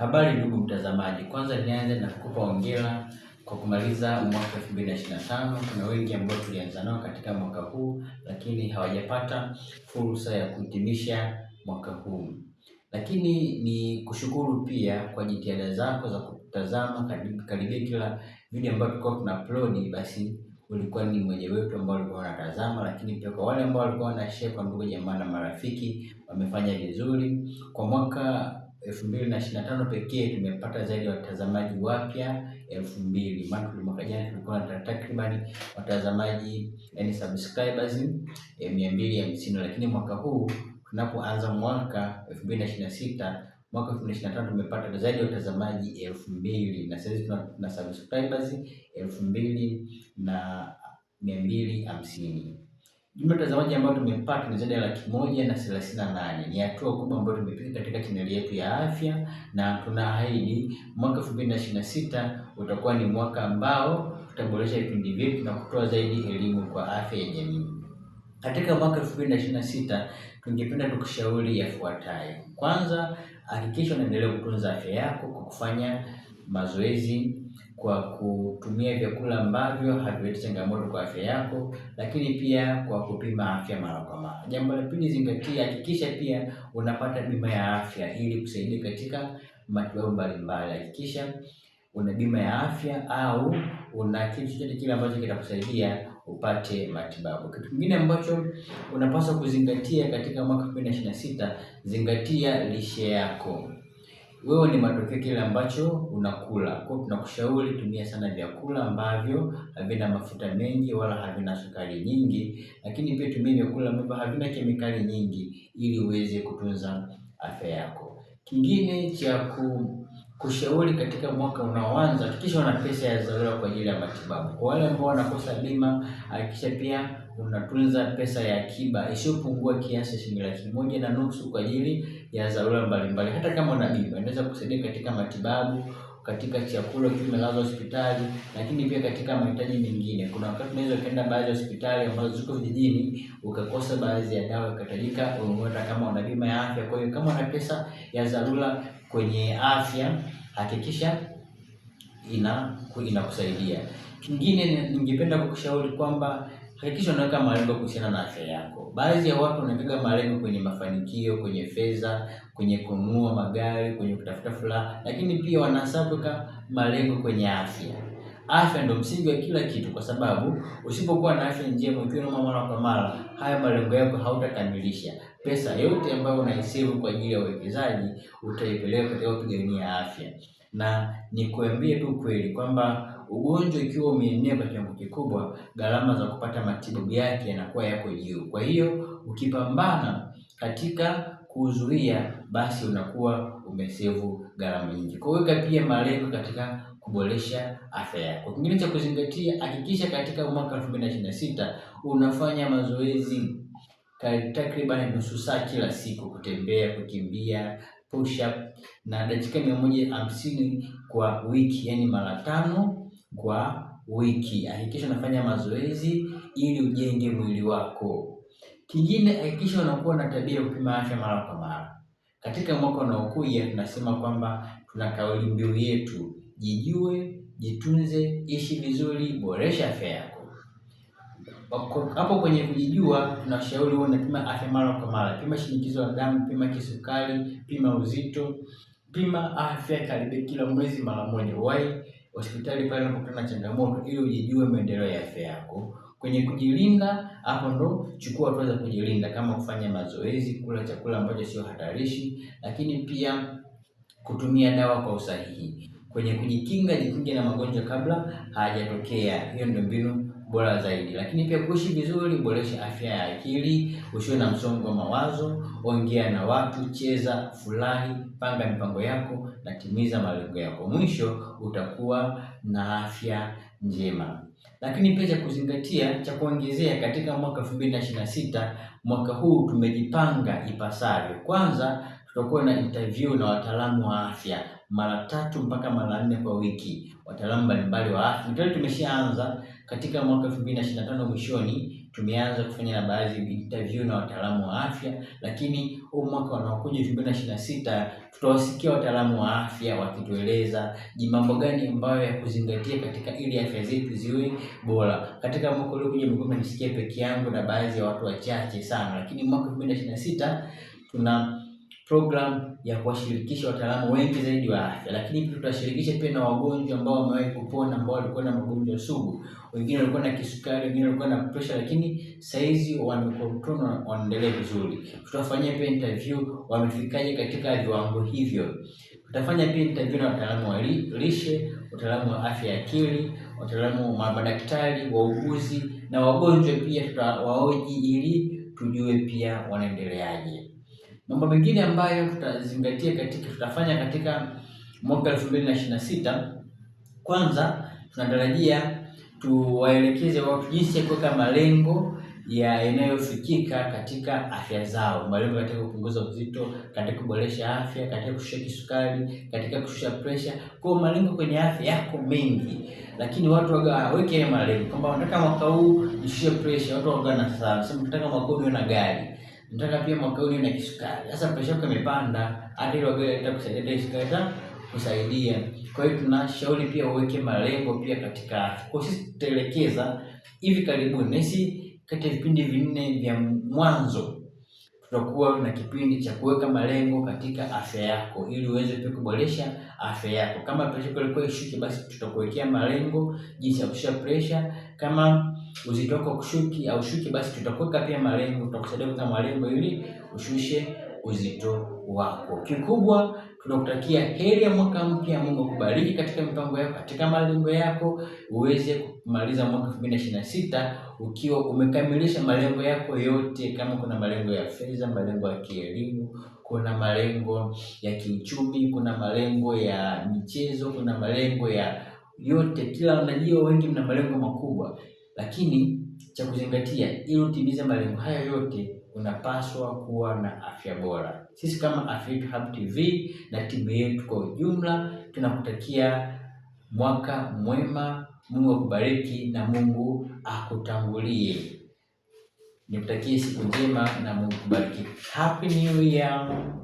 Habari ndugu mtazamaji, kwanza nianze na kukupa hongera kwa kumaliza mwaka 2025. Kuna wengi ambao tulianza nao katika mwaka huu, lakini hawajapata fursa ya kuhitimisha mwaka huu. Lakini ni kushukuru pia kwa jitihada zako za kutazama karibia kila video ambayo tulikuwa tuna upload, basi ulikuwa ni mmoja wetu ambao walikuwa wanatazama, lakini pia kwa wale ambao walikuwa share kwa ndugu jamaa na marafiki, wamefanya vizuri kwa mwaka elfu mbili na ishirini na tano pekee tumepata zaidi ya watazamaji wapya elfu mbili maana mwaka jana tulikuwa na takriban watazamaji yani subscribers eh, mia mbili hamsini lakini mwaka huu tunapoanza mwaka elfu mbili na ishirini na sita mwaka elfu mbili ishirini na tano tumepata zaidi ya watazamaji elfu mbili na sasa tuna, tuna subscribers elfu mbili na mia mbili hamsini Jumla watazamaji ambao tumepata ni zaidi ya laki moja na thelathini na nane. Ni hatua kubwa ambayo tumepiga katika chaneli yetu ya afya, na tunaahidi mwaka elfu mbili na ishirini na sita utakuwa ni mwaka ambao tutaboresha vipindi vyetu na kutoa zaidi elimu kwa afya ya jamii. Katika mwaka elfu mbili na ishirini na sita tungependa tukushauri yafuatayo. Kwanza, hakikisha unaendelea kutunza afya yako kwa kufanya mazoezi kwa kutumia vyakula ambavyo havileti changamoto kwa afya yako, lakini pia kwa kupima afya mara kwa mara. Jambo la pili, zingatia, hakikisha pia unapata bima ya afya ili kusaidia katika matibabu mbalimbali. Hakikisha una bima ya afya au una kitu chochote kile ambacho kitakusaidia upate matibabu. Kitu kingine ambacho unapaswa kuzingatia katika mwaka 2026, na zingatia lishe yako wewe ni matokeo kile ambacho unakula. Kwa hiyo tunakushauri tumia sana vyakula ambavyo havina mafuta mengi wala havina sukari nyingi, lakini pia tumia vyakula ambavyo havina kemikali nyingi ili uweze kutunza afya yako. Kingine cha ku kushauri katika mwaka unaoanza, hakikisha una pesa ya dharura kwa ajili ya matibabu. Kwa wale ambao wanakosa bima, hakikisha pia unatunza pesa ya akiba isiyopungua kiasi cha shilingi laki moja na nusu kwa ajili ya dharura mbalimbali. Hata kama una bima, inaweza kusaidia katika matibabu, katika chakula ukimelazwa hospitali, lakini pia katika mahitaji mengine. Kuna wakati unaweza ukaenda baadhi ya hospitali ambazo ziko vijijini ukakosa baadhi ya dawa ikahitajika ununue, kama una bima ya afya. Kwa hiyo kama una pesa ya dharura kwenye afya, hakikisha ina inakusaidia. Kingine ningependa kukushauri kwamba hakikisha unaweka malengo kuhusiana na afya yako. Baadhi ya watu wanaweka malengo kwenye mafanikio, kwenye fedha, kwenye kununua magari, kwenye kutafuta furaha, lakini pia wanasahau kuweka malengo kwenye afya. Afya ndio msingi wa kila kitu, kwa sababu usipokuwa na afya njema, ukiwa unaumwa mara kwa mara, haya malengo yako hautakamilisha. Pesa yote ambayo unaisave kwa ajili ya uwekezaji utaipeleka katika kupigania afya. Na nikuambie tu kweli kwamba ugonjwa ukiwa umeenea kwa kiwango kikubwa, gharama za kupata matibabu yake yanakuwa yako juu. Kwa hiyo ukipambana katika kuzuia, basi unakuwa umesevu gharama nyingi. Kwa hiyo weka pia malengo katika kuboresha afya yako. Kingine cha kuzingatia, hakikisha katika mwaka 2026 unafanya mazoezi takriban nusu saa kila siku, kutembea, kukimbia, push up na dakika mia moja hamsini kwa wiki, yani mara tano kwa wiki. Hakikisha unafanya mazoezi ili ujenge mwili wako. Kingine, hakikisha unakuwa na tabia ya kupima afya mara kwa mara. Katika mwaka unaokuja, tunasema kwamba tuna kauli mbiu yetu jijue, jitunze, ishi vizuri, boresha afya yako. Hapo kwenye kujijua, tunashauri uwe unapima afya mara kwa mara. Pima shinikizo la damu, pima kisukari, pima uzito, pima afya karibu kila mwezi mara moja. Wahi hospitali pale unapokutana na changamoto, ili ujijue maendeleo ya afya yako. Kwenye kujilinda, hapo ndo chukua hatua za kujilinda kama kufanya mazoezi, kula chakula ambacho sio hatarishi, lakini pia kutumia dawa kwa usahihi. Kwenye kujikinga, jikinge na magonjwa kabla hayajatokea. Hiyo ndio mbinu bora zaidi. Lakini pia kuishi vizuri, boresha afya ya akili, usiwe na msongo wa mawazo, ongea na watu, cheza, furahi, panga mipango yako na timiza malengo yako. Mwisho utakuwa na afya njema. Lakini pia cha kuzingatia cha kuongezea katika mwaka 2026 mwaka huu tumejipanga ipasavyo. Kwanza tutakuwa na interview na wataalamu wa afya mara tatu mpaka mara nne kwa wiki, wataalamu mbalimbali wa afya tayari tumeshaanza katika mwaka 2025 mwishoni tumeanza kufanya na baadhi interview na wataalamu wa afya, lakini huu mwaka unaokuja 2026 tutawasikia wataalamu wa afya wakitueleza ni mambo gani ambayo ya kuzingatia katika ili afya zetu ziwe bora. Katika mwaka uliokuja nimekuwa nisikia peke yangu na baadhi ya watu wachache sana, lakini mwaka 2026 tuna program ya kuwashirikisha wataalamu wengi zaidi wa afya, lakini pia tutashirikisha pia na wagonjwa ambao wamewahi kupona, ambao walikuwa na magonjwa sugu, wengine walikuwa na kisukari, wengine walikuwa na pressure, lakini saizi wamekontrol, wanaendelea vizuri. Tutafanyia pia interview, wamefikaje katika viwango hivyo. Tutafanya pia interview na wataalamu wa lishe, wataalamu wa afya ya akili, wataalamu wa madaktari, wauguzi na wagonjwa pia tutawaoji, ili tujue pia wanaendeleaje. Mambo mengine ambayo tutazingatia katika tutafanya katika mwaka 2026 kwanza, tunatarajia tuwaelekeze watu jinsi ya kuweka malengo ya yanayofikika katika afya zao, malengo katika kupunguza uzito, katika kuboresha afya, katika kushusha kisukari, katika kushusha presha. Kwa malengo kwenye afya yako mengi, lakini watu waga waweke ah, malengo kwamba wanataka mwaka huu nishushe presha. Watu waga na sasa sema nataka mwaka huu na gari nataka pia mwaka huu na kisukari. Sasa presha yako imepanda, hata ile wagoe hata kisukari ta kusaidia. Kwa hiyo tunashauri pia uweke malengo pia katika afya. Kwa sisi tutaelekeza hivi karibuni, si kati ya vipindi vinne vya mwanzo tutakuwa na kipindi cha kuweka malengo katika afya yako ili uweze pia kuboresha afya yako. Kama presha yako ilikuwa ishuki, basi tutakuwekea malengo jinsi ya kushusha presha. Kama uzito wako kushuki au shuki, basi tutakuweka pia malengo, tutakusaidia kuweka malengo ili ushushe uzito wako. Kikubwa tunakutakia heri ya mwaka mpya. Mungu akubariki katika mipango yako, katika malengo yako, uweze kumaliza mwaka elfu sita ukiwa umekamilisha malengo yako yote. Kama kuna malengo ya fedha, malengo ya kielimu, kuna malengo ya kiuchumi, kuna malengo ya michezo, kuna malengo ya yote, kila unajua, wengi mna malengo makubwa, lakini cha kuzingatia ili utimize malengo haya yote unapaswa kuwa na afya bora. Sisi kama Africa Hub TV na timu yetu kwa ujumla tunakutakia mwaka mwema, Mungu akubariki na Mungu akutangulie. Nikutakie siku njema na Mungu kubariki. Happy New Year.